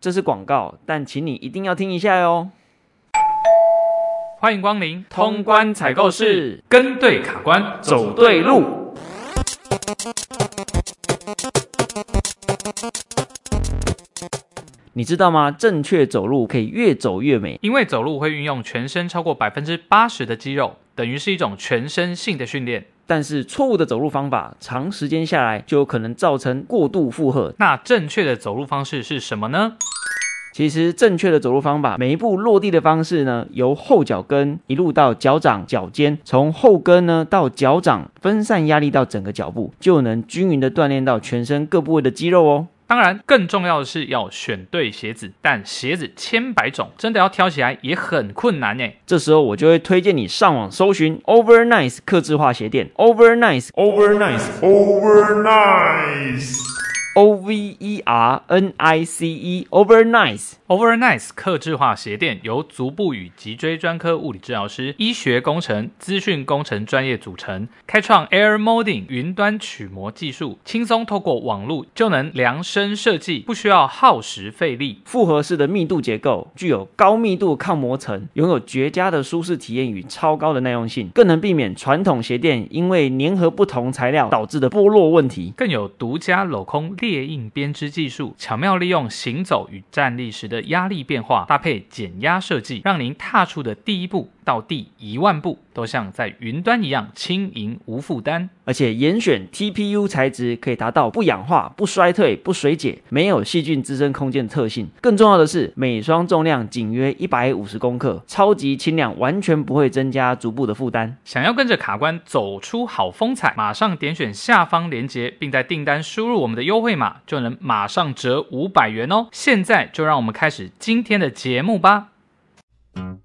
這是廣告，但請你一定要聽一下喲、哦。歡迎光臨通關採購室，跟對卡關走對路。對路你知道嗎？正確走路可以越走越美，因為走路會運用全身超過百分之八十的肌肉。等於是一種全身性的訓練，但是錯誤的走路方法，長時間下來就有可能造成過度負荷。那正確的走路方式是什麼呢？其實正確的走路方法，每一步落地的方式呢，由後腳跟一路到腳掌、腳尖，從後跟呢到腳掌，分散壓力到整個腳部，就能均勻地鍛鍊到全身各部位的肌肉哦。當然，更重要的是要選對鞋子，但鞋子千百種，真的要挑起來也很困難誒。這時候，我就會推薦你上網搜尋 OverNice 客製化鞋墊。OverNice，OverNice，OverNice。Overnice，Overnice，Overnice 客製化鞋墊由足部與脊椎專科物理治療師、醫學工程、資訊工程專業組成，開創 Air Molding 雲端取模技術，輕鬆透過網路就能量身設計，不需要耗時費力。複合式的密度結構具有高密度抗磨層，擁有絕佳的舒適體驗與超高的耐用性，更能避免傳統鞋墊因為粘合不同材料導致的剝落問題。更有獨家鏤空。列印編織技術巧妙利用行走與站立時的壓力變化，搭配減壓設計，讓您踏出的第一步到第一萬步，都像在雲端一樣輕盈無負擔，而且嚴選 TPU 材質可以達到不氧化、不衰退、不水解，沒有細菌滋生空間的特性。更重要的是，每雙重量僅約一百五十公克，超級輕量，完全不會增加足部的負擔。想要跟着卡關走出好風采，馬上點選下方鏈接，並在訂單輸入我們的優惠碼，就能馬上折五百元哦！現在就讓我們開始今天的節目吧。嗯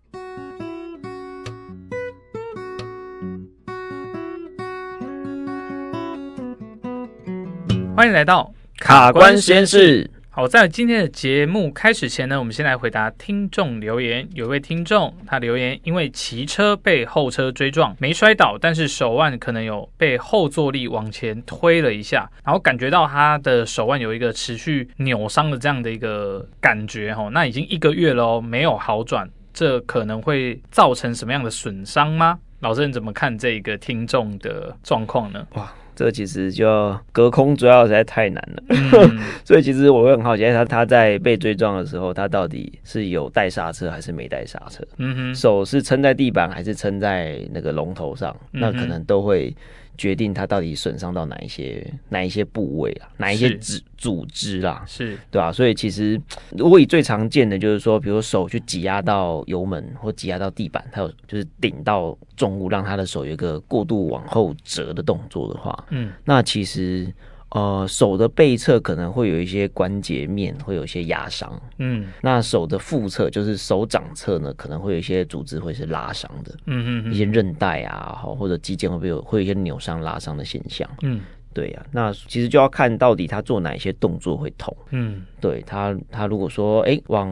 歡迎來到卡關實驗室。好，在今天的節目開始前呢，我們先來回答聽眾留言。有一位聽眾他留言，因為騎車被後車追撞，沒摔倒，但是手腕可能有被後坐力，往前推了一下，然後感覺到他的手腕有一個持續扭傷的這樣的一個感覺。吼，那已經一個月了哦，沒有好轉，這可能會造成什麼樣的損傷嗎？老師，你怎麼看這一個聽眾的狀況呢？哇！這其實就隔空抓藥實在太難了，嗯哼。 所以其實我會很好奇，他他在被追撞的時候，他到底是有帶剎車還是沒帶剎車？嗯、哼手是撐在地板還是撐在那個龍頭上？嗯、哼那可能都會。決定他到底損傷到哪一些哪一些部位啊，哪一些是組織啦、啊，是對吧、啊？所以其實，如果以最常見的就是說，比如手去擠壓到油門或擠壓到地板，還有就是頂到重物，讓他的手有一個過度往後折的動作的話，嗯，那其實。呃，手的背側可能會有一些關節面會有一些壓傷，嗯，那手的腹側就是手掌側呢，可能會有一些組織會是拉傷的，嗯嗯，一些韌帶啊，或者肌腱會不會有會有一些扭傷拉傷的現象，嗯。對呀、啊，那其實就要看到底他做哪一些動作會痛。嗯，對，他，他如果說哎往，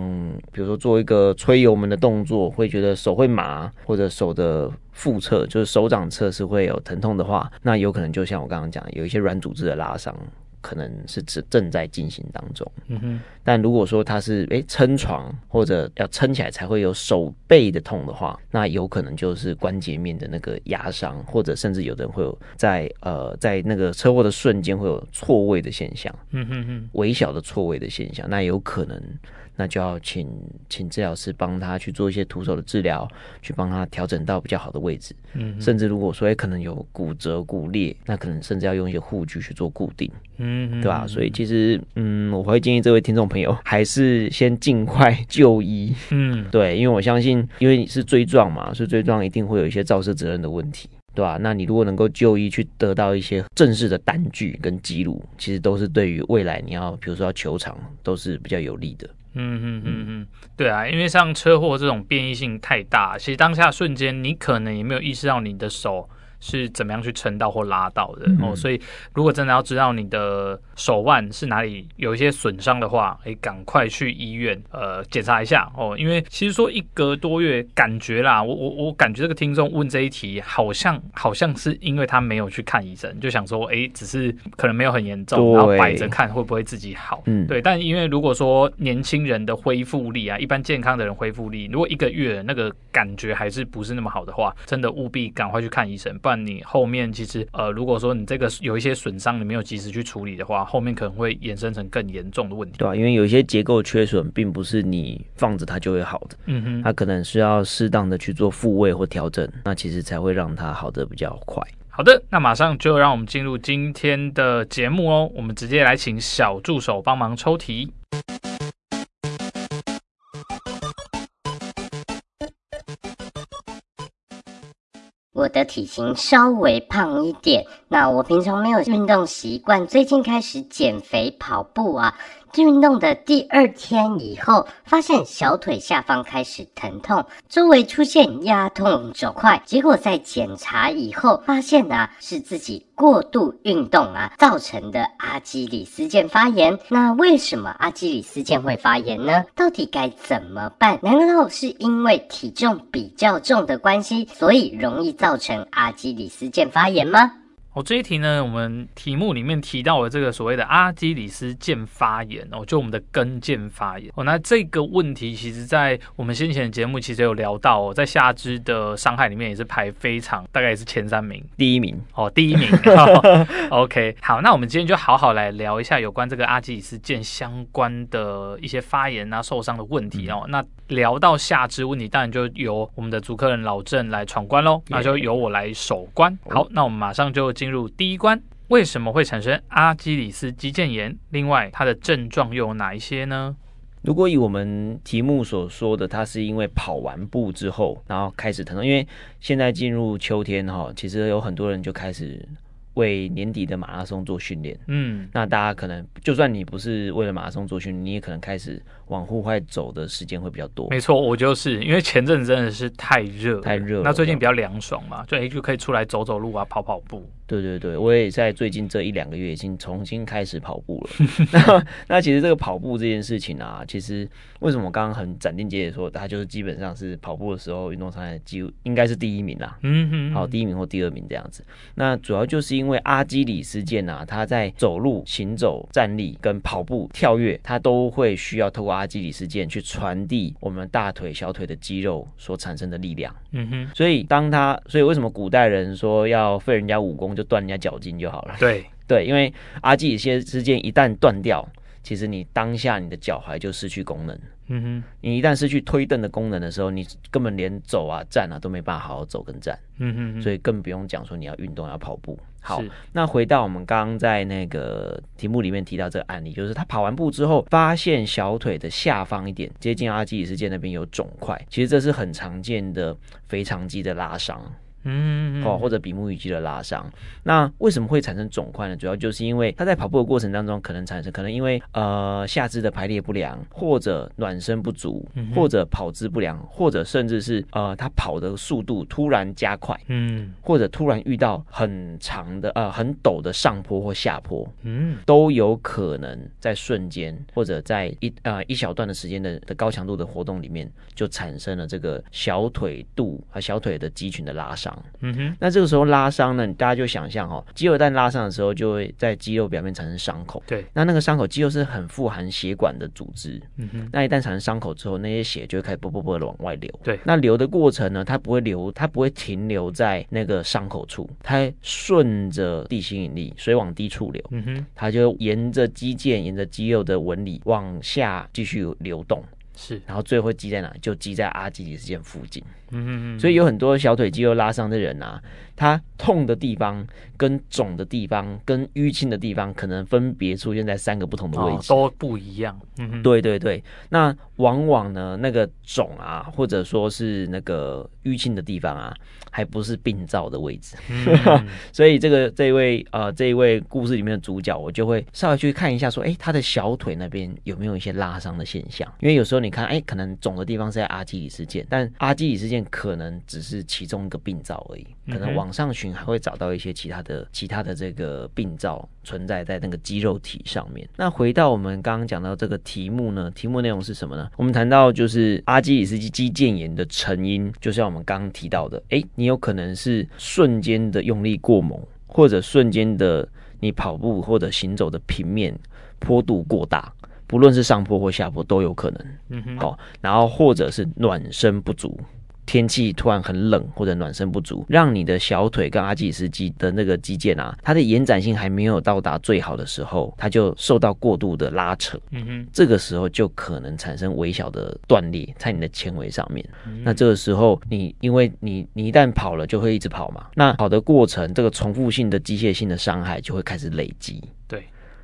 比如說做一個催油門的動作，會覺得手會麻，或者手的腹側，就是手掌側是會有疼痛的話，那有可能就像我剛剛講，有一些軟組織的拉傷。可能是正正在進行當中，嗯哼，但如果說他是哎撐床或者要撐起來才會有手背的痛的話，那有可能就是關節面的那個壓傷，或者甚至有的人會有在呃在那個車禍的瞬間會有錯位的現象，嗯哼哼，微小的錯位的現象，那有可能。那就要請請治療師幫他去做一些徒手的治療，去幫他調整到比較好的位置。嗯哼，甚至如果說也可能有骨折骨裂，那可能甚至要用一些護具去做固定。嗯哼，對吧？所以其實嗯，我會建議這位聽眾朋友還是先儘快就醫。嗯，對，因為我相信，因為你是追撞嘛，所以追撞一定會有一些肇事責任的問題，對吧？那你如果能夠就醫去得到一些正式的單據跟記錄，其實都是對於未來你要比如說要求償都是比較有利的。嗯哼嗯嗯嗯，對啊，因為像車禍這種變異性太大，其實當下瞬間你可能也沒有意識到你的手，是怎麼樣去撐到或拉到的、嗯、哦？所以如果真的要知道你的手腕是哪裡有一些損傷的話，可以、欸、趕快去醫院呃檢查一下哦。因為其實說一個多月感覺啦，我我我感覺這個聽眾問這一題，好像好像是因為他沒有去看醫生，就想說哎、欸，只是可能沒有很嚴重，對然後擺着看會不會自己好。嗯，對。但因為如果說年輕人的恢復力啊，一般健康的人恢復力，如果一個月那個感覺還是不是那麼好的話，真的務必趕快去看醫生。但你後面其實，呃，如果說你這個有一些損傷，你沒有及時去處理的話，後面可能會衍生成更嚴重的問題。對啊，因為有些結構缺損，並不是你放着它就會好的，嗯哼，它可能需要適當的去做復位或調整，那其實才會讓它好得比較快。好的，那馬上就讓我們進入今天的節目喔，我們直接來請小助手幫忙抽題。我的體型稍微胖一點。那我平常沒有運動習慣，最近開始減肥跑步啊，運動的第二天以後，發現小腿下方開始疼痛，周圍出現壓痛腫塊。結果在檢查以後，發現啊，是自己過度運動啊造成的阿基里斯腱發炎。那為什麼阿基里斯腱會發炎呢？到底該怎麼辦？難道是因為體重比較重的關係，所以容易造成阿基里斯腱發炎嗎？我、哦、這一題呢，我們題目裡面提到了這個所謂的阿基里斯腱發炎哦，就我們的跟腱發炎哦。那這個問題其實，在我們先前的節目其實有聊到哦，在下肢的傷害裡面也是排非常大概也是前三名，第一名哦，第一名。 哦、OK，好，那我們今天就好好來聊一下有關這個阿基里斯腱相關的一些發炎啊受傷的問題、嗯、哦。那聊到下肢問題，當然就由我們的主客人老鄭來闖關嘍，耶那就由我來守關。哦、好，那我們馬上就。進入第一關，為什麼會產生阿基里斯肌腱炎？另外，它的症狀又有哪一些呢？如果以我們題目所說的，它是因為跑完步之後，然後開始疼痛。因為現在進入秋天哈，其實有很多人就開始為年底的馬拉松做訓練。嗯，那大家可能就算你不是為了馬拉松做訓練，你也可能開始。往戶外走的時間會比較多。沒錯，我就是因為前陣子真的是太熱，嗯，太熱。那最近比較涼爽嘛，就，嗯、就可以出來走走路啊，跑跑步。對對對，我也在最近這一兩個月已經重新開始跑步了 那。那其實這個跑步這件事情啊，其實為什麼我剛剛很斬釘截鐵說，他就是基本上是跑步的時候運動傷害，幾乎應該是第一名啦，啊。嗯好，嗯，第一名或第二名這樣子。那主要就是因為阿基里斯腱啊，他在走路、行走、站立跟跑步、跳躍，他都會需要透過。阿基里斯腱去傳遞我們大腿、小腿的肌肉所產生的力量。嗯哼，所以當他，所以為什麼古代人說要廢人家武功，就斷人家腳筋就好了？對，對，因為阿基里斯腱一旦斷掉。其實你當下你的腳踝就失去功能，嗯哼，你一旦失去推蹬的功能的時候，你根本連走啊站啊都沒辦法好好走跟站，嗯哼，哼，所以更不用講說你要運動要跑步。好，是那回到我們剛剛在那個題目裡面提到這個案例，就是他跑完步之後發現小腿的下方一點，接近阿基里斯腱那邊有腫塊，其實這是很常見的腓腸肌的拉傷。嗯哦、嗯，或者比目魚肌的拉傷，那為什麼會產生腫塊呢？主要就是因為他在跑步的過程當中，可能產生，可能因為呃下肢的排列不良，或者暖身不足，或者跑姿不良，或者甚至是呃他跑的速度突然加快，嗯，或者突然遇到很長的呃很陡的上坡或下坡，嗯，都有可能在瞬間或者在一呃一小段的時間的的高強度的活動裡面，就產生了這個小腿肚和小腿的肌群的拉傷。嗯哼，那這個時候拉傷呢，大家就想象哦、喔，肌肉一旦拉傷的時候，就會在肌肉表面產生傷口。對，那那個傷口，肌肉是很富含血管的組織。嗯哼，那一旦產生傷口之後，那些血就會開始噗噗噗的往外流。對，那流的過程呢，它不會流，它不會停留在那個傷口處，它順着地心引力，水往低處流。嗯哼，它就沿着肌腱，沿着肌肉的紋理往下繼續流動。是，然後最後會積在哪？就積在阿基里斯腱附近。嗯，所以有很多小腿肌肉拉傷的人啊，他痛的地方、跟腫的地方、跟淤青的地方，可能分別出現在三個不同的位置，都不一樣。嗯，對對對，那往往呢，那個腫啊，或者說是那個淤青的地方啊，還不是病灶的位置。所以這個這位呃，這一位故事裡面的主角，我就會稍微去看一下，說，哎，他的小腿那邊有沒有一些拉傷的現象？因為有時候你看，哎，可能腫的地方是在阿基里斯腱，但阿基里斯腱可能只是其中一個病灶而已，可能往上尋還會找到一些其他的、其他的這個病灶存在在那個肌肉體上面。那回到我們剛剛講到這個題目呢？題目內容是什麼呢？我們談到就是阿基里斯肌腱炎的成因，就像我們剛剛提到的，誒，你有可能是瞬間的用力過猛，或者瞬間的你跑步或者行走的平面坡度過大，不論是上坡或下坡都有可能。嗯哼，好，然後或者是暖身不足。天氣突然很冷，或者暖身不足，讓你的小腿跟阿基里斯肌的那個肌腱啊，它的延展性還沒有到達最好的時候，它就受到過度的拉扯。嗯哼，這個時候就可能產生微小的斷裂在你的纖維上面。嗯、那這個時候你因為你你一旦跑了就會一直跑嘛，那跑的過程這個重複性的機械性的傷害就會開始累積。對。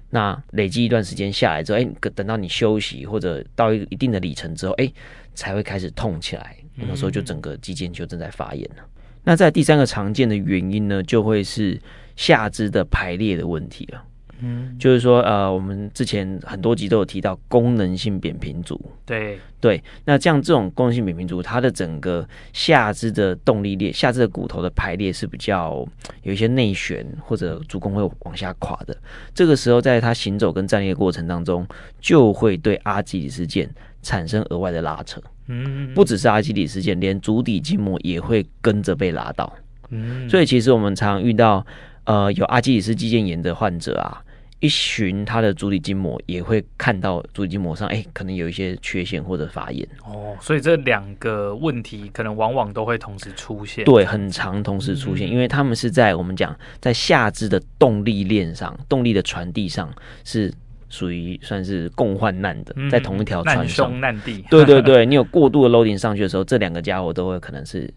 那累積一段時間下來之後，哎、欸，等到你休息或者到一,一定的里程之後，哎、欸，才會開始痛起來。那時候就整個肌腱就正在發炎了。嗯嗯。那在第三個常見的原因呢，就會是下肢的排列的問題了。嗯，就是說，呃，我們之前很多集都有提到功能性扁平足，對對，那像這種功能性扁平足，它的整個下肢的動力鏈，下肢的骨頭的排列是比較有一些內旋或者足弓會往下垮的。這個時候，在它行走跟站立的過程當中，就會對阿基里斯腱產生額外的拉扯。嗯，不只是阿基里斯腱，連足底筋膜也會跟着被拉到。嗯，所以其實我們常遇到，呃，有阿基里斯肌腱炎的患者啊。一尋他的足底筋膜，也會看到足底筋膜上，哎、欸，可能有一些缺陷或者發炎。哦，所以這兩個問題可能往往都會同時出現。對，很常同時出現，嗯、因為他們是在我們講在下肢的動力鏈上、動力的傳遞上是屬於算是共患難的，嗯、在同一條船上，難兄難弟。對對對，你有過度的 loading 上去的時候，這兩個家伙都會可能是。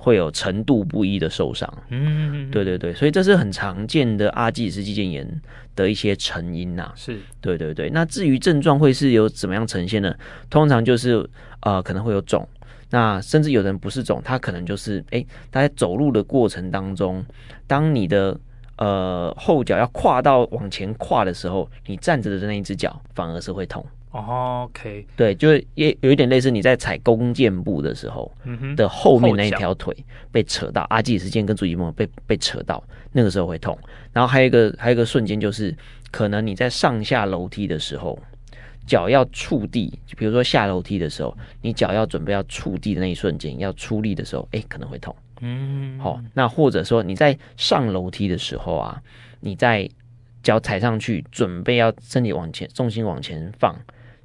會有程度不一的受傷，嗯，嗯，嗯，對對對，所以這是很常見的阿基里斯肌腱炎的一些成因吶、啊，是，對對對。那至於症狀會是有怎麼樣呈現呢？通常就是呃可能會有腫，那甚至有人不是腫，他可能就是哎，他在走路的過程當中，當你的呃後腳要跨到往前跨的時候，你站着的那一只腳反而是會痛。Oh, OK，對，就是也有一點類似你在踩弓箭步的時候的後面那一條腿被扯到，阿基里斯腱跟朱一夢被被扯到，那個時候會痛。然後還有一個還有一個瞬間就是，可能你在上下樓梯的時候，腳要觸地，就比如說下樓梯的時候，你腳要準備要觸地的那一瞬間要出力的時候，哎、欸，可能會痛。嗯，嗯，嗯，好，那或者說你在上樓梯的時候啊，你在腳踩上去準備要身體往前重心往前放。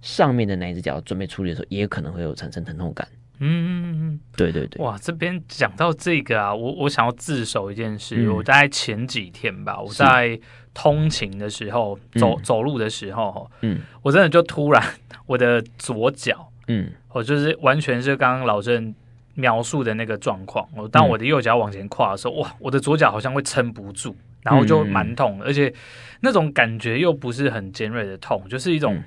上面的那隻腳準備出力的時候，也可能會有產生疼痛感。嗯，對對對、嗯。哇，這邊講到這個啊，我我想要自首一件事。嗯、我大概前幾天吧，我在通勤的時候，嗯、走走路的時候，嗯，我真的就突然我的左腳，嗯，我就是完全是剛剛老鄭描述的那個狀況。我當我的右腳往前跨的時候，嗯、哇，我的左腳好像會撐不住，然後就蠻痛的，嗯、而且那種感覺又不是很尖銳的痛，就是一種。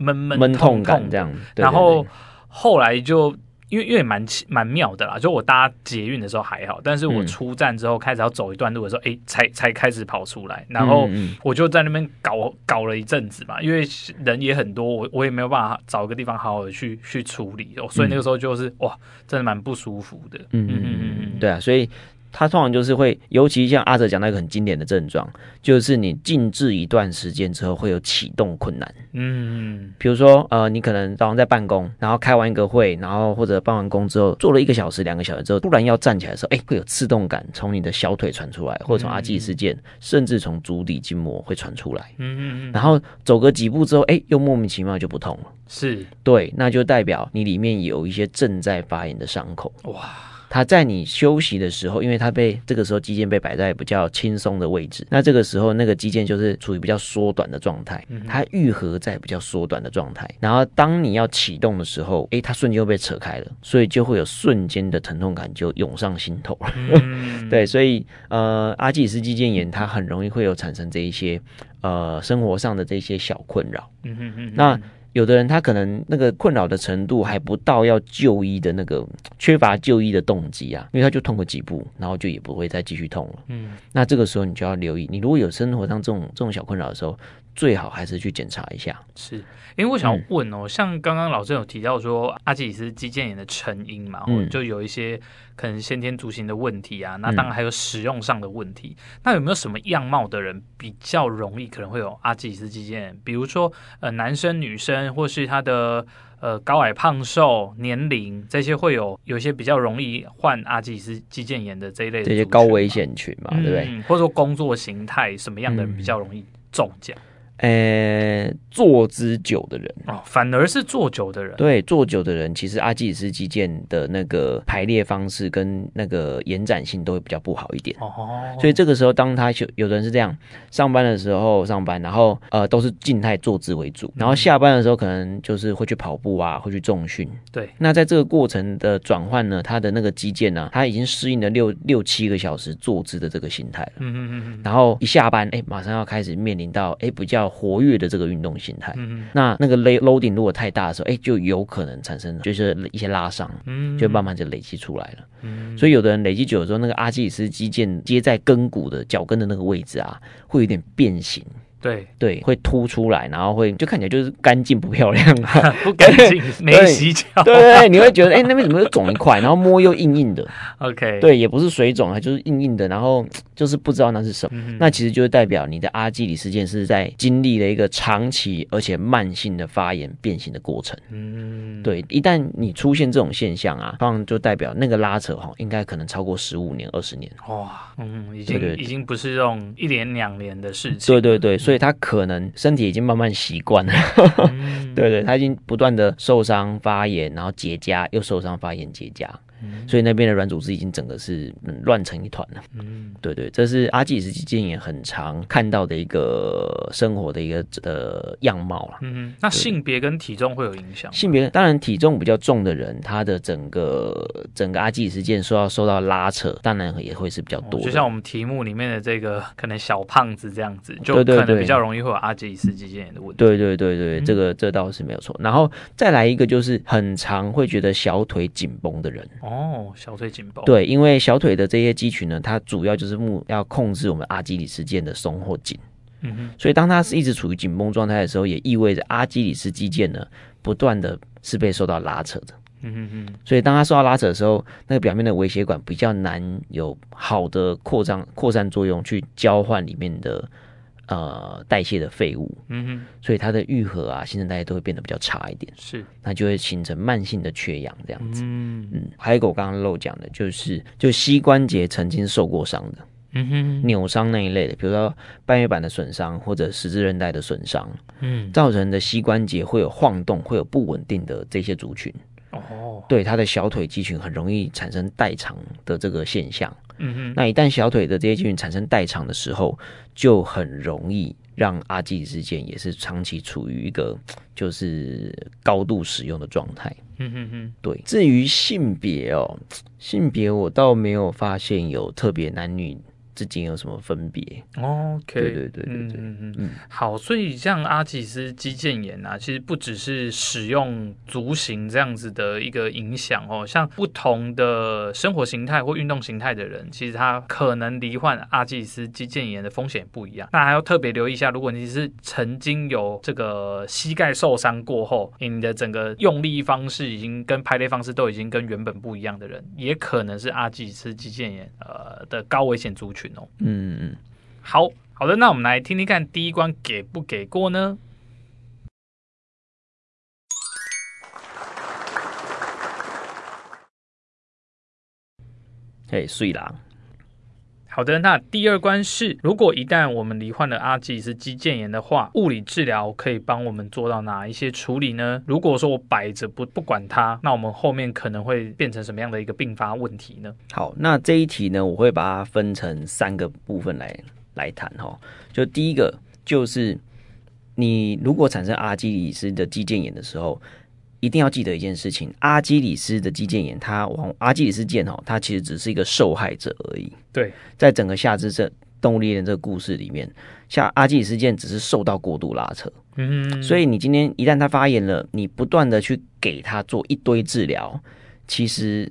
悶悶痛，痛，痛，痛感這樣子，對對對，然後後來就因為因為也蠻蠻妙的啦，就我搭捷運的時候還好，但是我出站之後開始要走一段路的時候，誒、嗯，才才開始跑出來，然後我就在那邊搞搞了一陣子嘛，因為人也很多，我我也沒有辦法找一個地方好好的去去處理、哦、所以那個時候就是、嗯、哇，真的蠻不舒服的，嗯嗯嗯嗯，嗯，對啊，所以。他通常就是會，尤其像阿哲講到一個很經典的症狀，就是你靜置一段時間之後會有啟動困難。嗯,嗯，比如說，呃，你可能早上在辦公，然後開完一個會，然後或者辦完工之後，坐了一個小時、兩個小時之後，突然要站起來的時候，哎，會有刺動感從你的小腿傳出來，或者從阿基氏腱，嗯嗯甚至從足底筋膜會傳出來。嗯嗯嗯。然後走個幾步之後，哎，又莫名其妙就不痛了。是。對，那就代表你裡面有一些正在發炎的傷口。哇。它在你休息的時候，因為它被這個時候肌腱被擺在比較輕鬆的位置，那這個時候那個肌腱就是處於比較縮短的狀態，它癒合在比較縮短的狀態。然後當你要啟動的時候，誒，它瞬間又被扯開了，所以就會有瞬間的疼痛感就湧上心頭。嗯嗯、 對，所以呃，阿基里斯肌腱炎它很容易會有產生這一些呃生活上的這些小困擾。嗯嗯嗯。嗯嗯那。有的人他可能那個困擾的程度還不到要就醫的那個缺乏就醫的動機啊，因為他就痛個幾步，然後就也不會再繼續痛了。嗯，那這個時候你就要留意，你如果有生活上這種，這種小困擾的時候，最好還是去檢查一下，是因為我想問哦、喔，嗯、像剛剛老鄭有提到說阿基里斯肌腱炎的成因嘛，嗯、就有一些可能先天足型的問題啊，那當然還有使用上的問題。嗯、那有沒有什麼樣貌的人比較容易可能會有阿基里斯肌腱炎？比如說呃男生女生，或是他的呃高矮胖瘦、年齡這些會有有些比較容易患阿基里斯肌腱炎的這一類的這些高危險群嘛，對不、嗯、對？或者說工作型態什麼樣的人比較容易中獎？嗯呃、欸，坐姿久的人哦，反而是坐久的人，對，坐久的人，其實阿基里斯肌腱的那個排列方式跟那個延展性都會比較不好一點哦，哦，哦，哦。所以這個時候，當他有的人是這樣，上班的時候上班，然後呃都是靜態坐姿為主，嗯、然後下班的時候可能就是會去跑步啊，會去重訓。對，那在這個過程的轉換呢，他的那個肌腱呢，他已經適應了六六七個小時坐姿的這個形態了，嗯嗯嗯嗯，然後一下班，哎、欸，馬上要開始面臨到哎比較。欸活躍的這個運動形態，嗯、哼那那個 loading 如果太大的時候，哎、欸，就有可能產生就是一些拉傷，嗯哼，就慢慢就累積出來了。嗯哼，所以有的人累積久了之後，那個阿基里斯肌腱接在跟骨的腳跟的那個位置啊，會有點變形。對對，會凸出來，然後會就看起來就是乾淨不漂亮， 不乾淨、欸、沒洗腳、啊。對對，你會覺得哎、 欸，那邊怎麼又腫一塊，然後摸又硬硬的。 OK，對，也不是水腫啊，還就是硬硬的，然後就是不知道那是什麼。嗯、哼那其實就是代表你的阿基里斯腱是在經歷了一個長期而且慢性的發炎變形的過程。嗯，對，一旦你出現這種現象啊，當然就代表那個拉扯哈、哦，應該可能超過十五年、二十年。哇、哦，嗯，已經對對對已經不是這種一年兩年的事情。對對對。所所以他可能身體已經慢慢習慣了，嗯， 對對，他已經不斷的受傷發炎，然後結痂，又受傷發炎結痂。所以那邊的軟組織已經整個是亂成一團了。嗯，嗯對，對對，這是阿基里斯肌腱也很常看到的一個生活的一個呃樣貌了。嗯，那性別跟體重會有影響？性別當然，體重比較重的人，他的整個整個阿基里斯腱受到受到拉扯，當然也會是比較多，哦。就像我們題目裡面的這個，可能小胖子這樣子，就可能比較容易會有阿基里斯肌腱的問題。對，對對對對，嗯、這個這個，倒是沒有錯。然後再來一個就是很常會覺得小腿緊繃的人。哦，小腿緊繃。對，因為小腿的這些肌群呢，它主要就是目要控制我們阿基里斯腱的鬆或緊。嗯哼。所以當它是一直處於緊繃狀態的時候，也意味着阿基里斯肌腱呢，不斷的是被受到拉扯的。嗯哼哼。所以當它受到拉扯的時候，那個表面的微血管比較難有好的擴張、擴散作用去交換裡面的。呃，代謝的廢物，嗯哼，所以它的癒合啊，新陳代謝都會變得比較差一點，是，那就會形成慢性的缺氧這樣子，嗯嗯，還有一個我剛剛漏講的，就是就膝關節曾經受過傷的，嗯哼，扭傷那一類的，比如說半月板的損傷或者十字韌帶的損傷，嗯，造成的膝關節會有晃動，會有不穩定的這些族群。哦，oh. 對，他的小腿肌群很容易產生代償的這個現象。嗯哼、mm，hmm. 那一旦小腿的這些肌群產生代償的時候，就很容易讓阿基氏腱也是長期處於一個就是高度使用的狀態。嗯哼哼，hmm. 對。至於性別哦，性別我倒沒有發現有特別男女。究竟有什麼分別？OK，對對,對對對，嗯嗯嗯，嗯好，所以像阿基里斯肌腱炎啊，其實不只是使用足型這樣子的一個影響哦、喔，像不同的生活形態或運動形態的人，其實他可能罹患阿基里斯肌腱炎的風險也不一樣。那還要特別留意一下，如果你是曾經有這個膝蓋受傷過後，你的整個用力方式已經跟排列方式都已經跟原本不一樣的人，也可能是阿基里斯肌腱炎呃的高危險族群。嗯，好好的，那我們來聽聽看第一關給不給過呢？嘿，水狼。好的，那第二關是，如果一旦我們罹患了阿基里斯肌腱炎的話，物理治療可以幫我們做到哪一些處理呢？如果說我擺着不不管它，那我們後面可能會變成什麼樣的一個併發問題呢？好，那這一題呢，我會把它分成三個部分來來談哈、哦。就第一個，就是你如果產生阿基里斯的肌腱炎的時候。一定要記得一件事情：阿基里斯的肌腱炎，他往阿基里斯腱哦，他其實只是一個受害者而已。對，在整個下肢這動力鏈這個故事裡面，像阿基里斯腱只是受到過度拉扯。嗯，所以你今天一旦他發炎了，你不斷的去給他做一堆治療，其實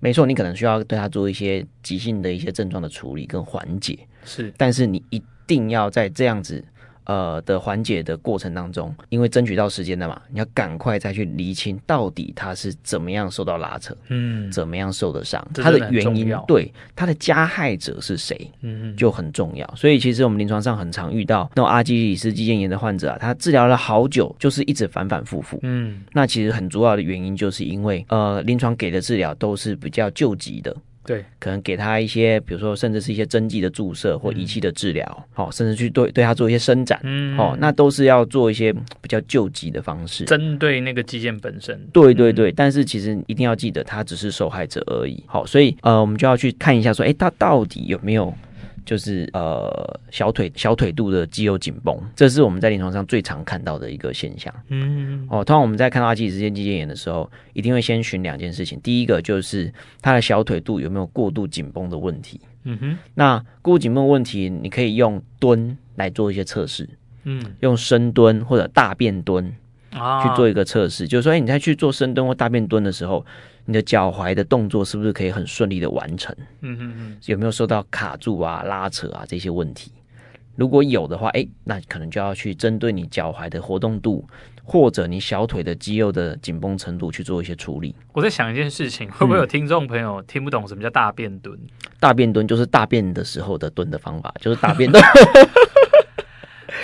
沒錯，你可能需要對他做一些急性的一些症狀的處理跟緩解。是，但是你一定要在這樣子。呃的緩解的過程當中，因為爭取到時間的嘛，你要趕快再去釐清到底他是怎麼樣受到拉扯，嗯，怎麼樣受的傷，他的原因，對，他的加害者是誰？嗯，就很重要。所以其實我們臨床上很常遇到那種阿基里斯肌腱炎的患者啊，他治療了好久，就是一直反反复复，嗯，那其實很主要的原因就是因為呃臨床給的治療都是比較救急的。對，可能給他一些，比如說，甚至是一些針劑的注射或儀器的治療，好、嗯哦，甚至去對對他做一些伸展，嗯，好、哦，那都是要做一些比較救急的方式，針對那個肌腱本身。對對對，嗯、但是其實一定要記得，他只是受害者而已。好、哦，所以呃，我們就要去看一下，說，哎，他到底有沒有？就是呃小腿小腿肚的肌肉緊繃，這是我們在臨床上最常看到的一個現象。嗯哼，哦，通常我們在看到阿基里斯肌腱肌腱炎的時候，一定會先尋兩件事情。第一個就是他的小腿肚有沒有過度緊繃的問題。嗯哼，那過度緊繃問題，你可以用蹲來做一些測試。嗯，用深蹲或者大便蹲去做一個測試，啊、就是說哎、欸，你在去做深蹲或大便蹲的時候。你的腳踝的動作是不是可以很順利的完成？嗯哼嗯，有沒有受到卡住啊、拉扯啊這些問題？如果有的話，哎、欸，那可能就要去針對你腳踝的活動度，或者你小腿的肌肉的緊繃程度去做一些處理。我在想一件事情，會不會有聽眾朋友聽不懂什麼叫大便蹲、嗯？大便蹲就是大便的時候的蹲的方法，就是大便蹲。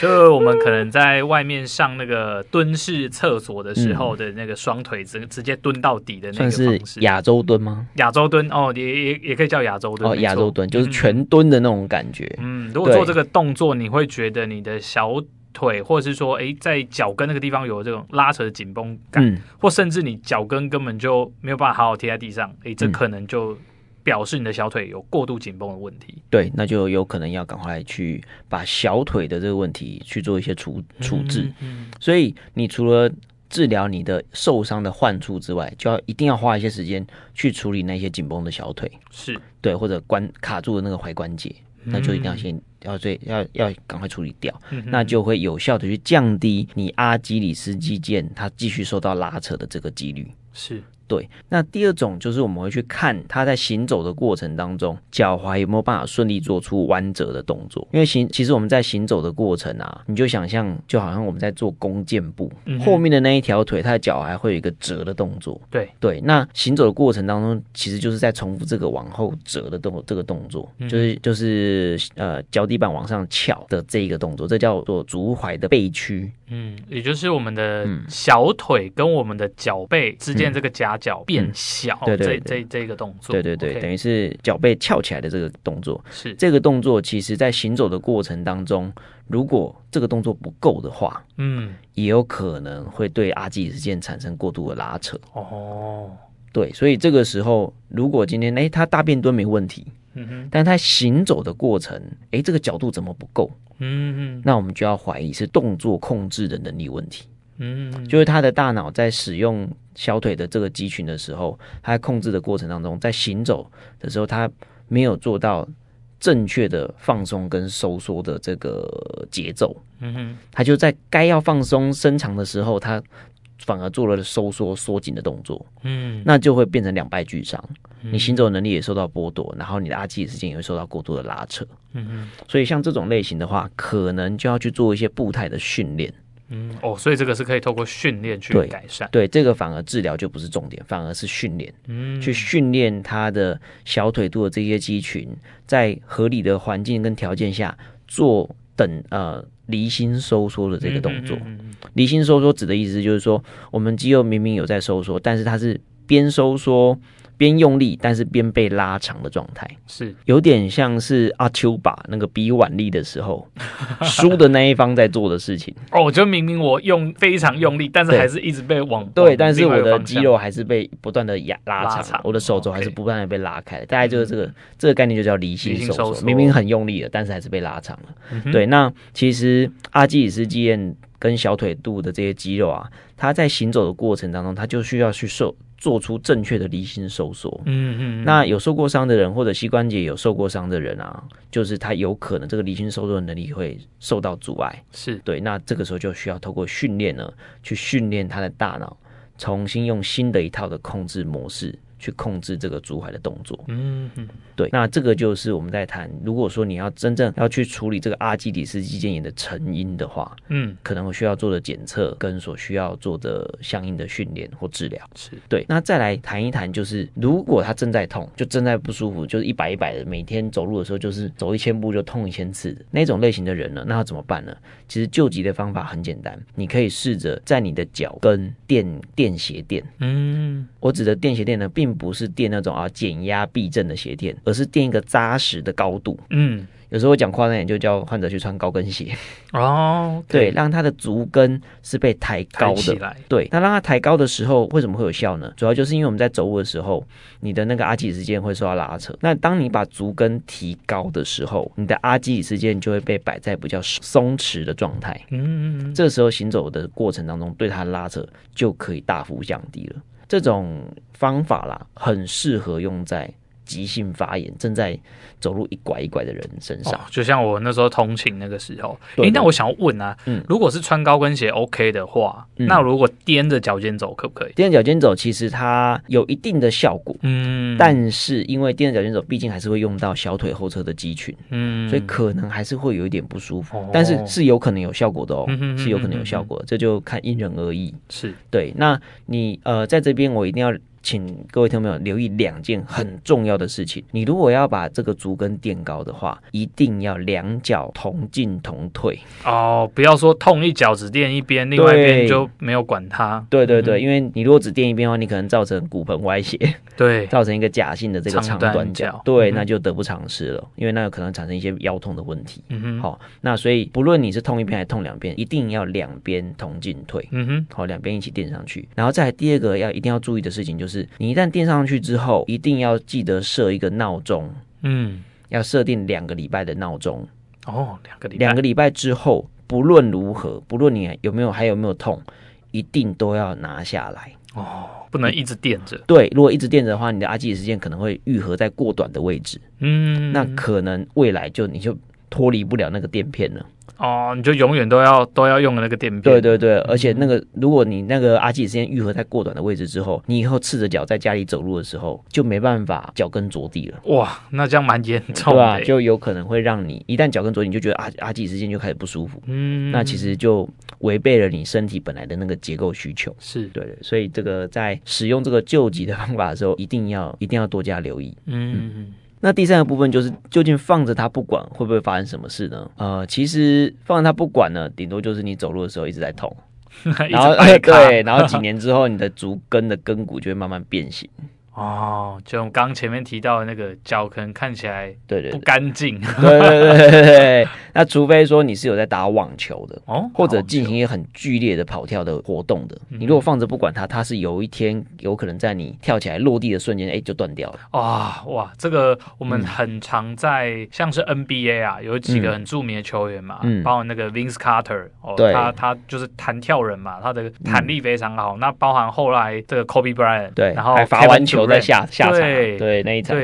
就我們可能在外面上那個蹲式廁所的時候的那個雙腿直直接蹲到底的那個方式，嗯，算是亞洲蹲嗎？亞洲蹲哦，也也也可以叫亞洲蹲哦，亞洲蹲，沒錯，就是全蹲的那種感覺。嗯，對。嗯，如果做這個動作，你會覺得你的小腿，或者是說，哎、欸，在腳跟那個地方有這種拉扯的緊繃感，嗯、或甚至你腳跟根，根本就沒有辦法好好貼在地上，哎、欸，這可能就。嗯表示你的小腿有過度緊繃的問題，對，那就有可能要趕快去把小腿的這個問題去做一些處處置。嗯哼，嗯哼，所以你除了治療你的受傷的患處之外，就要一定要花一些時間去處理那些緊繃的小腿，是對，或者關卡住的那個踝關節，嗯哼，那就一定要先要最要要趕快處理掉，嗯哼，嗯哼，那就會有效的去降低你阿基里斯肌腱它繼續受到拉扯的這個幾率。是。對，那第二種就是我們會去看他在行走的過程當中，腳踝有沒有辦法順利做出彎折的動作。因為行，其實我們在行走的過程啊，你就想象就好像我們在做弓箭步，後面的那一條腿，他的腳踝會有一個折的動作。嗯哼，對對，那行走的過程當中，其實就是在重複這個往後折的動作這個動作，就是就是呃腳底板往上翹的這一個動作，這叫做足踝的背屈。嗯，也就是我們的小腿跟我們的腳背之間這個夾角變小，嗯嗯嗯，對對對，這這這個動作，對對對，Okay 等於是腳背翹起來的這個動作。是這個動作，其實在行走的過程當中，如果這個動作不夠的話，嗯，也有可能會對阿基氏腱產生過度的拉扯。哦，對，所以這個時候，如果今天哎他大便蹲沒問題，嗯哼，但他行走的過程，哎這個角度怎麼不夠？嗯，那我們就要懷疑是動作控制的能力問題。嗯哼，就是他的大腦在使用小腿的這個肌群的時候，他在控制的過程當中，在行走的時候，他沒有做到正確的放鬆跟收縮的這個節奏。嗯哼，他就在該要放鬆伸長的時候，他。反而做了收縮、縮緊的動作，嗯，那就會變成兩敗俱傷。嗯、你行走能力也受到剝奪，然後你的阿基里斯肌腱，也會受到過度的拉扯，嗯嗯。所以像這種類型的話，可能就要去做一些步態的訓練。嗯，哦，所以這個是可以透過訓練去改善對。對，這個反而治療就不是重點，反而是訓練，嗯，去訓練他的小腿肚的這些肌群，在合理的環境跟條件下做等呃。離心收縮的這個動作，嗯嗯嗯嗯，離心收縮指的意思就是說，我們肌肉明明有在收縮，但是它是邊收縮，邊用力，但是邊被拉長的狀態，是有點像是阿丘巴那個比腕力的時候輸的那一方在做的事情。哦，我覺得明明我用非常用力，但是還是一直被往對，但是我的肌肉還是被不斷的壓拉長，我的手肘還是不斷的被拉開。大概就是這個這個概念，就叫離心收縮。明明很用力了，但是還是被拉長了。對，那其實阿基里斯肌腱跟小腿肚的這些肌肉啊，它在行走的過程當中，它就需要去受。做出正確的離心收縮。嗯、嗯嗯，那有受過傷的人或者膝關節有受過傷的人啊，就是他有可能這個離心收縮的能力會受到阻礙。是對，那這個時候就需要透過訓練呢，去訓練他的大腦，重新用新的一套的控制模式，去控制這個足踝的動作，嗯，嗯對，那這個就是我們在談，如果說你要真正要去處理這個阿基里斯肌腱炎的成因的話，嗯，可能需要做的檢測跟所需要做的相應的訓練或治療，是對。那再來談一談，就是如果他正在痛，就正在不舒服，就是一百一百的，每天走路的時候就是走一千步就痛一千次那種類型的人呢，那他怎麼辦呢？其實救急的方法很簡單，你可以試着在你的腳跟墊墊鞋墊，電電嗯，我指的墊鞋墊呢，並不是墊那種啊減壓避震的鞋墊，而是墊一個扎實的高度。嗯，有時候我講誇張點，就叫患者去穿高跟鞋。哦，okay、對，讓他的足跟是被抬高的。對，那讓他抬高的時候，為什麼會有效呢？主要就是因為我們在走路的時候，你的那個阿基里斯腱會受到拉扯。那當你把足跟提高的時候，你的阿基里斯腱就會被擺在比較鬆弛的狀態。嗯，嗯嗯，這時候行走的過程當中，對它的拉扯就可以大幅降低了。這種方法啦，很適合用在急性發炎正在走路一拐一拐的人身上，哦、就像我那時候通勤那個時候。哎、欸，那我想要問啊，嗯、如果是穿高跟鞋 OK 的話，嗯、那如果踮着腳尖走可不可以？踮着腳尖走，其實它有一定的效果，嗯，但是因為踮着腳尖走，畢竟還是會用到小腿後側的肌群，嗯，所以可能還是會有一點不舒服，哦、但是是有可能有效果的哦，是有可能有效果的，這就看因人而異。是對，那你呃，在這邊我一定要。請各位聽眾朋友留意兩件很重要的事情。你如果要把這個足跟墊高的話，一定要兩腳同進同退哦，不要說痛一腳只墊一邊，對另外一邊就沒有管它。對對對，嗯、哼因為你如果只墊一邊的話，你可能造成骨盆歪斜，對，造成一個假性的這個長短腳，短對，嗯、哼那就得不償失了，因為那有可能產生一些腰痛的問題。嗯哼，好、哦，那所以不論你是痛一邊還是痛兩邊，一定要兩邊同進退。嗯哼，好、哦，兩邊一起墊上去。然後再來第二個要一定要注意的事情就是。你一旦墊上去之後，一定要記得設一個鬧鐘，嗯，要設定兩個禮拜的鬧鐘哦，兩個兩個禮拜之後，不論如何，不論你有沒有還有沒有痛，一定都要拿下來哦，不能一直墊着。對，如果一直墊着的話，你的阿基時間可能會癒合在過短的位置，嗯，那可能未來就你就脫離不了那個墊片了。哦，你就永遠都要都要用的那個墊片。對對對，嗯、而且那個如果你那個阿基氏腱愈合在過短的位置之後，你以後赤着腳在家裡走路的時候，就沒辦法腳跟着地了。哇，那這樣蠻嚴重的。對啊，就有可能會讓你一旦腳跟着地，你就覺得啊阿基氏腱就開始不舒服。嗯，那其實就違背了你身體本來的那個結構需求。是對，所以這個在使用這個救急的方法的時候，一定要一定要多加留意。嗯。嗯那第三個部分就是，究竟放着它不管會不會發生什麼事呢？呃，其實放着它不管呢，頂多就是你走路的時候一直在痛， 然後對，然後幾年之後，你的足跟的跟骨就會慢慢變形。 哦，就我剛前面提到的那個腳，可能看起來乾淨對對不乾淨。對對對。 那、啊、除非說你是有在打網球的，哦，或者進行一個很劇烈的跑跳的活動的，你如果放着不管它，它是有一天有可能在你跳起來落地的瞬間，哎、欸，就斷掉了。啊、哦、哇，這個我們很常在，嗯、像是 NBA 啊，有幾個很著名的球員嘛，嗯，包括那個 Vince Carter，、嗯哦、對，他他就是彈跳人嘛，他的彈力非常好。嗯、那包含後來這個 Kobe Bryant，對，然後罰完球再下對下場，對對那一場。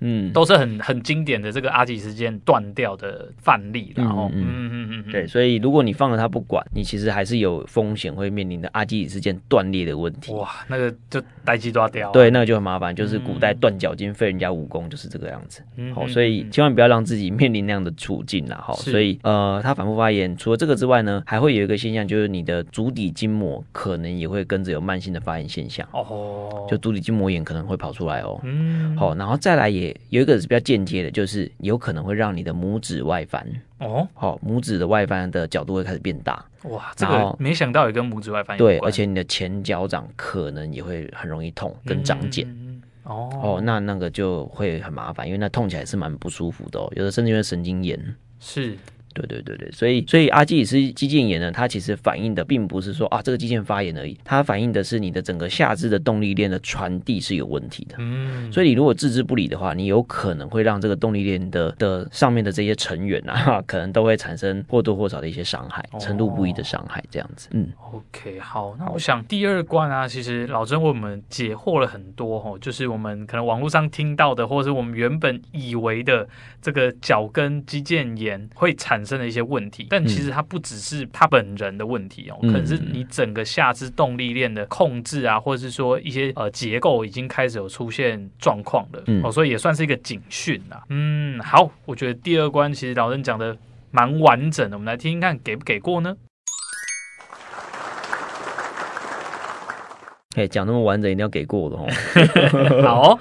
嗯，都是很很經典的這個阿基里斯腱斷掉的範例、哦，然後嗯嗯嗯對，所以如果你放了它不管，你其實還是有風險會面臨的阿基里斯腱斷裂的問題。哇，那個就代誌大條了。對，那個就很麻煩，就是古代斷腳筋廢人家武功就是這個樣子。好、嗯哦，所以千萬不要讓自己面臨那樣的處境啦。好、哦，是所以呃，它反复發炎，除了這個之外呢，還會有一個現象，就是你的足底筋膜可能也會跟着有慢性的發炎現象。哦吼，就足底筋膜炎可能會跑出來哦。嗯，好、哦，然後再來也。有一個是比較間接的，就是有可能會讓你的拇指外翻哦，好、哦，拇指的外翻的角度會開始變大哇，這個後沒想到也跟拇指外翻有關。對，而且你的前腳掌可能也會很容易痛，跟長繭、嗯、哦，哦，那那個就會很麻煩，因為那痛起來是蠻不舒服的、哦，有的甚至因為神經炎是。對對對對，所以所以阿、啊、基里斯肌腱炎呢，它其實反映的並不是說啊這個肌腱發炎而已，它反映的是你的整個下肢的動力鏈的傳遞是有問題的。嗯，所以你如果置之不理的話，你有可能會讓這個動力鏈的的上面的這些成員啊，嗯、可能都會產生或多或少的一些傷害，哦、程度不一的傷害這樣子。嗯，OK，好，那我想第二關啊，其實老鄭為我們解惑了很多哦，就是我們可能網絡上聽到的，或者是我們原本以為的這個腳跟肌腱炎會產生。本身的一些問題，但其實它不只是他本人的問題哦，嗯，可能是你整個下肢動力鏈的控制啊，或者是說一些呃結構已經開始有出現狀況了，嗯，喔，所以也算是一個警訊啊。嗯，好，我覺得第二關其實老人講的蠻完整的，我們來聽聽看給不給過呢？哎，講那麼完整，一定要給過的哦。 好。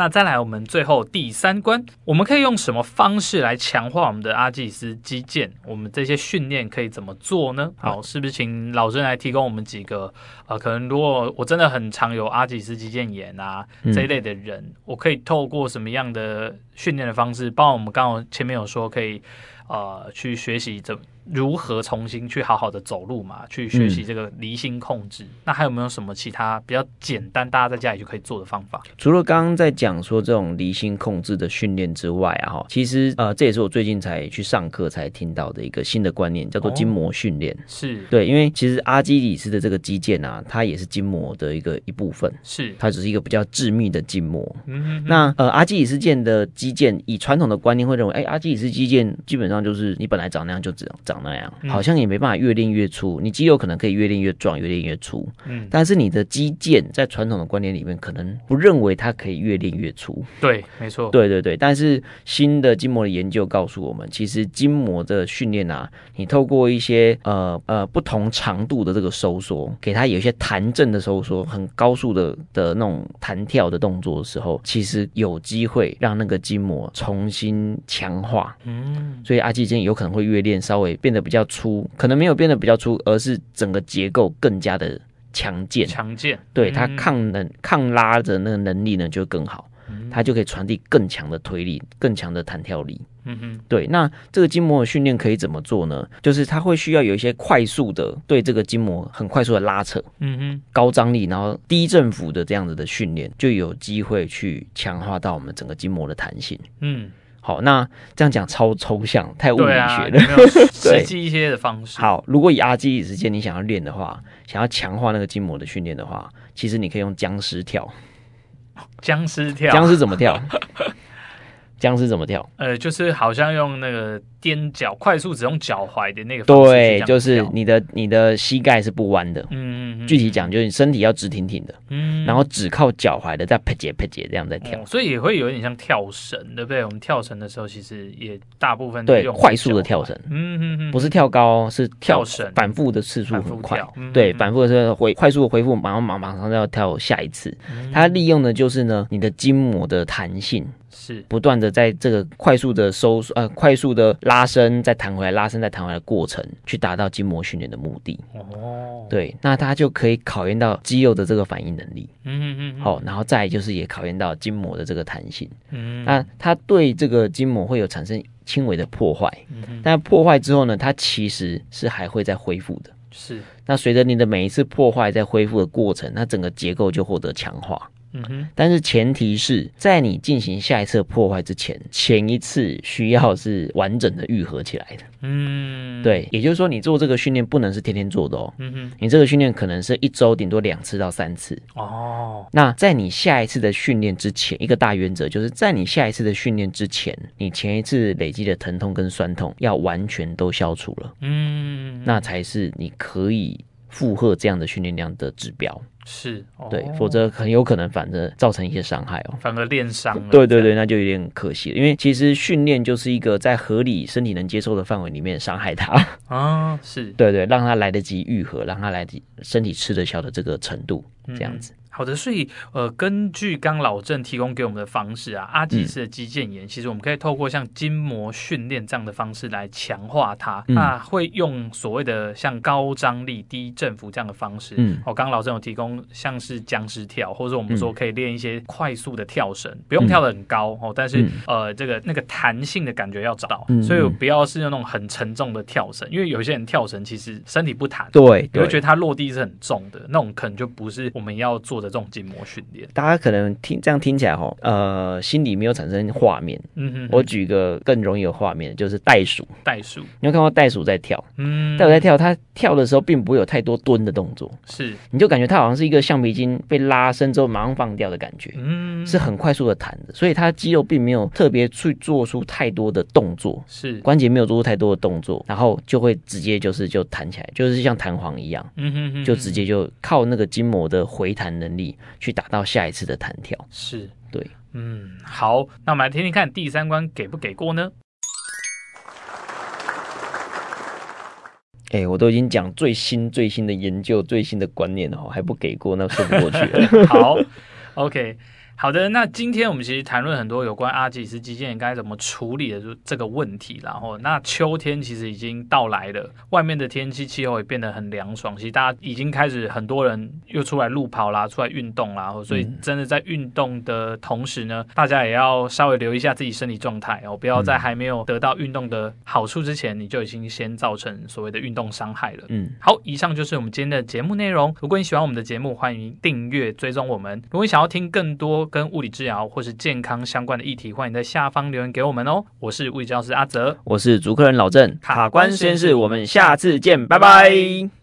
那再來，我們最後第三關，我們可以用什麼方式來強化我們的阿基里斯肌腱？我們這些訓練可以怎麼做呢？好，是不是請老鄭來提供我們幾個啊、呃？可能如果我真的很常有阿基里斯肌腱炎啊這一類的人，嗯、我可以透過什麼樣的訓練的方式？包括我們剛剛前面有說，可以呃去學習怎如何重新去好好的走路嘛？去學習這個離心控制。嗯、那還有沒有什麼其他比較簡單，嗯、大家在家裡就可以做的方法？除了剛剛在講。講說這種離心控制的訓練之外啊，其實呃，這也是我最近才去上課才聽到的一個新的觀念，叫做筋膜訓練。哦、是，對，因為其實阿基里斯的這個肌腱啊，它也是筋膜的一個一部分。是，它只是一個比較致密的筋膜。嗯、哼哼。那呃，阿基里斯腱的肌腱，以傳統的觀念會認為，哎，阿基里斯肌腱基本上就是你本來長那樣就只長那樣，嗯、好像也沒辦法越練越粗。你肌肉可能可以越練越壯，越練越粗。嗯。但是你的肌腱在傳統的觀念裡面，可能不認為它可以越練。越粗，對，沒錯，對對對。但是新的筋膜的研究告訴我們，其實筋膜的訓練啊，你透過一些呃呃不同長度的這個收縮，給它有一些彈震的收縮，很高速的的那種彈跳的動作的時候，其實有機會讓那個筋膜重新強化。嗯，所以阿基腱有可能會越練稍微變得比較粗，可能沒有變得比較粗，而是整個結構更加的。強健，強健，對、嗯哼，它抗能抗拉的那個能力呢就更好，嗯哼，它就可以傳遞更強的推力，更強的彈跳力。嗯哼，對，那這個筋膜的訓練可以怎麼做呢？就是它會需要有一些快速的對這個筋膜很快速的拉扯，嗯哼，高張力，然後低振幅的這樣子的訓練，就有機會去強化到我們整個筋膜的彈性。嗯。好，那這樣講超抽象，太物理學了。實際、啊、一些的方式。 好，如果以阿基里斯腱你想要練的話，想要強化那個筋膜的訓練的話，其實你可以用僵屍跳。僵屍跳、啊，僵屍怎麼跳？ 僵屍怎麼跳？呃，就是好像用那個踮腳，快速只用腳踝的那個方式。對，就是你的你的膝蓋是不彎的，嗯。嗯，具體講就是你身體要直挺挺的。嗯，然後只靠腳踝的，再拍節拍節這樣在跳、哦。所以也會有點像跳繩，對不對？我們跳繩的時候，其實也大部分都有快速的跳繩、嗯。嗯嗯嗯，嗯不是跳高，是跳繩，反覆的次數很快。嗯、對，反覆的時候回快速的恢復，馬上馬馬上要跳下一次。它、嗯、利用的就是呢，你的筋膜的彈性。是不斷的在這個快速的收縮，呃，快速的拉伸，再彈回來，拉伸再彈回來的過程，去達到筋膜訓練的目的。哦，對，那它就可以考驗到肌肉的這個反應能力。嗯哼嗯嗯。好、哦，然後再就是也考驗到筋膜的這個彈性。嗯哼。那它對這個筋膜會有產生輕微的破壞。嗯嗯哼。但破壞之後呢，它其實是還會再恢復的。是。那隨着你的每一次破壞再恢復的過程，那整個結構就獲得強化。嗯哼，但是前提是在你進行下一次破壞之前，前一次需要是完整的愈合起來的。嗯，對，也就是說你做這個訓練不能是天天做的哦。嗯哼，你這個訓練可能是一周頂多兩次到三次。哦，那在你下一次的訓練之前，一個大原則就是在你下一次的訓練之前，你前一次累積的疼痛跟酸痛要完全都消除了。嗯，那才是你可以。負荷這樣的訓練量的指標是、哦、對，否則很有可能反而造成一些傷害哦、喔，反而練傷了。對對對，那就有點可惜了，因為其實訓練就是一個在合理身體能接受的範圍裡面傷害他啊、哦，是 對，對對，讓他來得及癒合，讓他來得及身體吃得消的這個程度，這樣子。嗯好的，所以呃，根據剛老鄭提供給我們的方式啊，阿基斯的肌腱炎，嗯、其實我們可以透過像筋膜訓練這樣的方式來強化它。那、嗯、會用所謂的像高張力、低振幅這樣的方式。嗯，我剛、哦、老鄭有提供，像是僵屍跳，或者我們說可以練一些快速的跳繩，嗯、不用跳得很高哦，但是、嗯、呃，這個那個彈性的感覺要找到。嗯、所以不要是用那種很沉重的跳繩，因為有些人跳繩其實身體不彈，對，你會覺得它落地是很重的，那種可能就不是我們要做的這種筋膜訓練，大家可能聽這樣聽起來哦，呃，心裡沒有產生畫面。嗯嗯。我舉一個更容易有畫面，就是袋鼠。袋鼠，你有看到袋鼠在跳？嗯，袋鼠在跳，它跳的時候，並不會有太多蹲的動作。是。你就感覺它好像是一個橡皮筋被拉伸之後馬上放掉的感覺。嗯哼哼。是很快速的彈的，所以它肌肉並沒有特別去做出太多的動作。是。關節沒有做出太多的動作，然後就會直接就是就彈起來，就是像彈簧一樣。嗯嗯。就直接就靠那個筋膜的回彈的力去達到下一次的彈跳，是對，嗯，好，那我們來聽聽看第三關給不給過呢？哎、欸，我都已經講最新最新的研究、最新的觀念了，還不給過，那說不過去。 好 ，OK。好的，那今天我們其實談論很多有關阿基里斯肌腱炎該怎麼處理的就這個問題啦，然後那秋天其實已經到來了，外面的天氣氣候也變得很涼爽，其實大家已經開始很多人又出來路跑啦，出來運動啦，所以真的在運動的同時呢，大家也要稍微留意一下自己身體狀態哦，不要在還沒有得到運動的好處之前，你就已經先造成所謂的運動傷害了。嗯，好，以上就是我們今天的節目內容。如果你喜歡我們的節目，歡迎訂閱追蹤我們。如果你想要聽更多，跟物理治療或是健康相關的議題，歡迎在下方留言給我們哦。我是物理治療師阿澤，我是主持人老鄭，卡關實驗室，我們下次見，拜拜。